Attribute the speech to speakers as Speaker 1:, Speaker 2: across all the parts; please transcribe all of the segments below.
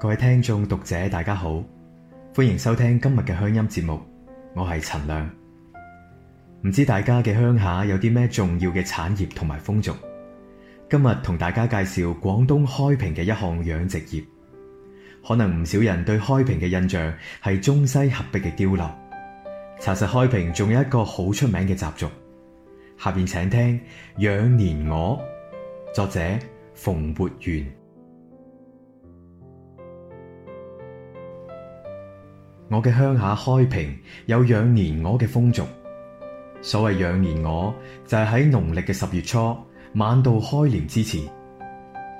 Speaker 1: 各位聽眾讀者大家好，歡迎收聽今日嘅鄉音節目，我係陳亮。唔知大家嘅鄉下有啲咩重要嘅產業同埋風俗？今日同大家介紹廣東開平嘅一項養殖業。可能唔少人對開平嘅印象係中西合璧嘅碉樓。查實開平仲有一個好出名嘅習俗。下面請聽《養年鵝》，作者馮活源。我嘅鄉下開平有養年鵝嘅風俗。所謂養年鵝，就係喺農曆嘅十月初晚到開年之前，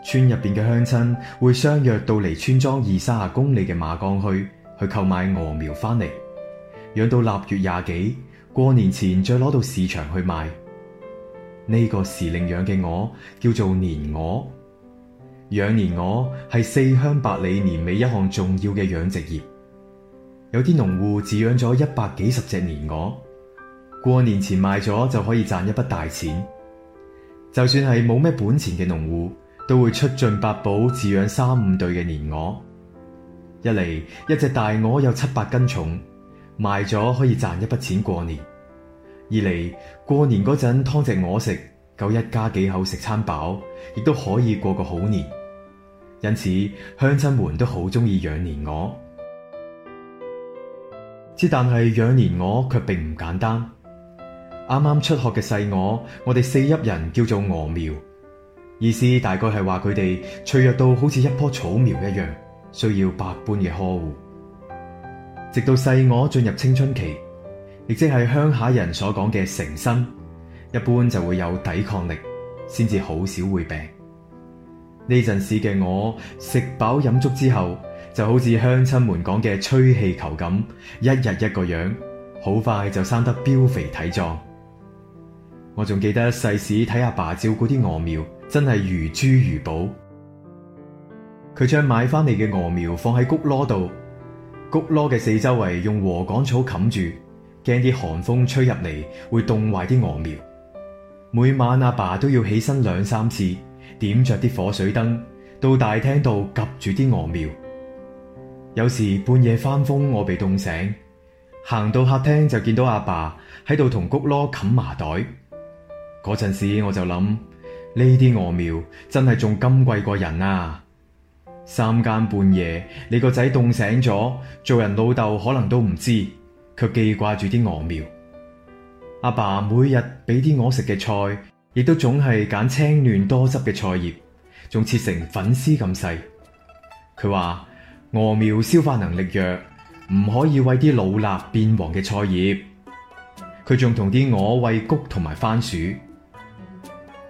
Speaker 1: 村入邊嘅鄉親會相約到離村莊二三十公里嘅馬崗墟去購買鵝苗翻嚟養到臘月廿幾，過年前再攞到市場去賣。呢、這個時令養嘅鵝叫做年鵝。養年鵝係四鄉百里年尾一項重要嘅養殖業。有啲農戶飼養咗一百幾十隻年鵝，過年前賣咗就可以賺一筆大錢。就算係冇咩本錢嘅農戶，都會出盡八寶飼養三五對嘅年鵝。一嚟，一隻大鵝有七八斤重，賣咗可以賺一筆錢過年；二嚟，過年嗰陣劏隻鵝食，夠一家幾口食餐飽，亦都可以過個好年。因此，鄉親們都好中意養年鵝。之但係養年鵝卻並唔簡單。啱啱出殼嘅細鵝，我哋四邑人叫做鵝苗，意思大概係話佢哋脆弱到好似一棵草苗一樣，需要百般嘅呵護。直到細鵝進入青春期，亦即係鄉下人所講嘅成身，一般就會有抵抗力，先至好少會病。呢陣時嘅我食飽飲足之後，就好似鄉親們講嘅吹氣球咁，一日一個樣，好快就生得膘肥體壯。我仲記得細時睇阿爸照顧啲鵝苗，真係如珠如寶。佢將買翻嚟嘅鵝苗放喺穀籮度，穀籮嘅四周圍用禾稈草冚住，驚啲寒風吹入嚟會凍壞啲鵝苗。每晚阿爸都要起身兩三次。點着啲火水燈，到大廳度及住啲鵝苗。有時半夜翻風，我被凍醒，行到客廳就見到阿爸喺度同谷籮冚麻袋。嗰陣時我就諗，呢啲鵝苗真係仲金貴過人啊！三更半夜你個仔凍醒咗，做人老豆可能都唔知，卻記掛住啲鵝苗。阿爸，爸每日俾啲我食嘅菜。亦都總係揀青嫩多汁嘅菜葉，仲切成粉絲咁細。佢話鵝苗消化能力弱，唔可以餵啲老辣變黃嘅菜葉。佢仲同啲鵝餵穀同埋番薯。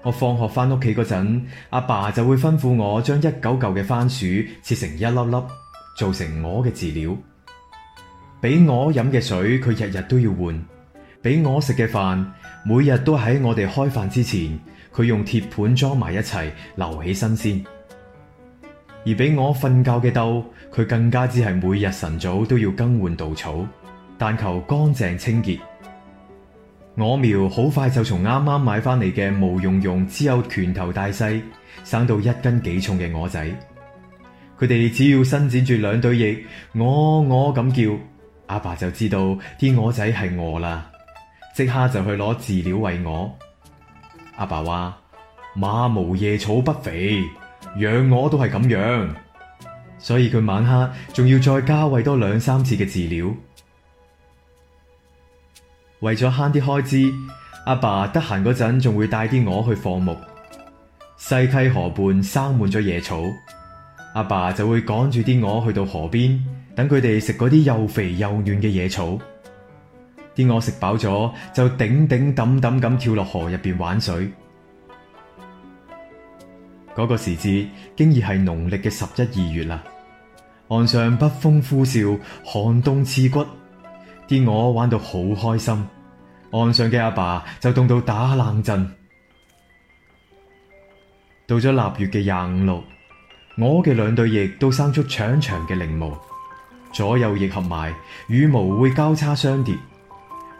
Speaker 1: 我放學翻屋企嗰陣，阿爸,爸就會吩咐我將一嚿嚿嘅番薯切成一粒粒，做成鵝嘅飼料。俾鵝飲嘅水，佢日日都要換。俾鵝食嘅飯。每日都喺我哋開飯之前，佢用鐵盤裝埋一齊，留起新鮮。而俾我瞓覺嘅竇，佢更加只係每日晨早都要更換稻草，但求乾淨清潔。鵝苗好快就從啱啱買翻嚟嘅毛茸茸、只有拳頭大細，生到一斤幾重嘅鵝仔。佢哋只要伸展住兩對翼，我我咁叫，阿爸,爸就知道啲鵝仔係餓啦。即刻就去攞飼料餵鵝。阿爸話：馬無夜草不肥，養鵝都係咁樣。所以佢晚黑仲要再加餵多兩三次嘅飼料。為咗慳啲開支，阿爸得閒嗰陣仲會帶啲鵝去放牧。西溪河畔生滿咗野草，阿爸就會趕住啲鵝去到河邊，等佢哋食嗰啲又肥又嫩嘅野草。啲我食飽咗，就頂頂抌抌咁跳落河入邊玩水。嗰、那個時節，竟然係農曆嘅十一二月啦。岸上北風呼嘯，寒冬刺骨。啲我玩到好開心，岸上嘅阿爸、爸就凍到打冷震。到咗臘月嘅廿五六，我嘅兩對翼都生出長長嘅翎毛，左右翼合埋，羽毛會交叉相疊。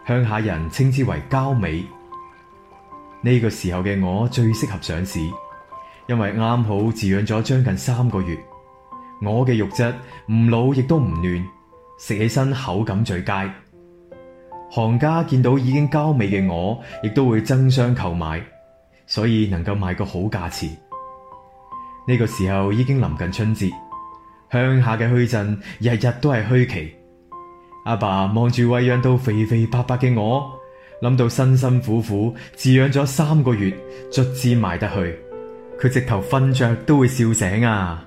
Speaker 1: 鄉下人稱之為交尾。呢、這個時候嘅鵝最適合上市，因為啱好飼養咗將近三個月，鵝嘅肉質唔老亦都唔嫩，食起身口感最佳。行家見到已經交尾嘅鵝，亦都會爭相購買，所以能夠賣個好價錢。呢、這個時候已經臨近春節，鄉下嘅墟鎮日日都係墟期。阿爸望住餵養到肥肥白白嘅我，諗到辛辛苦苦飼養咗三個月，卒之賣得去，佢直頭瞓着都會笑醒啊！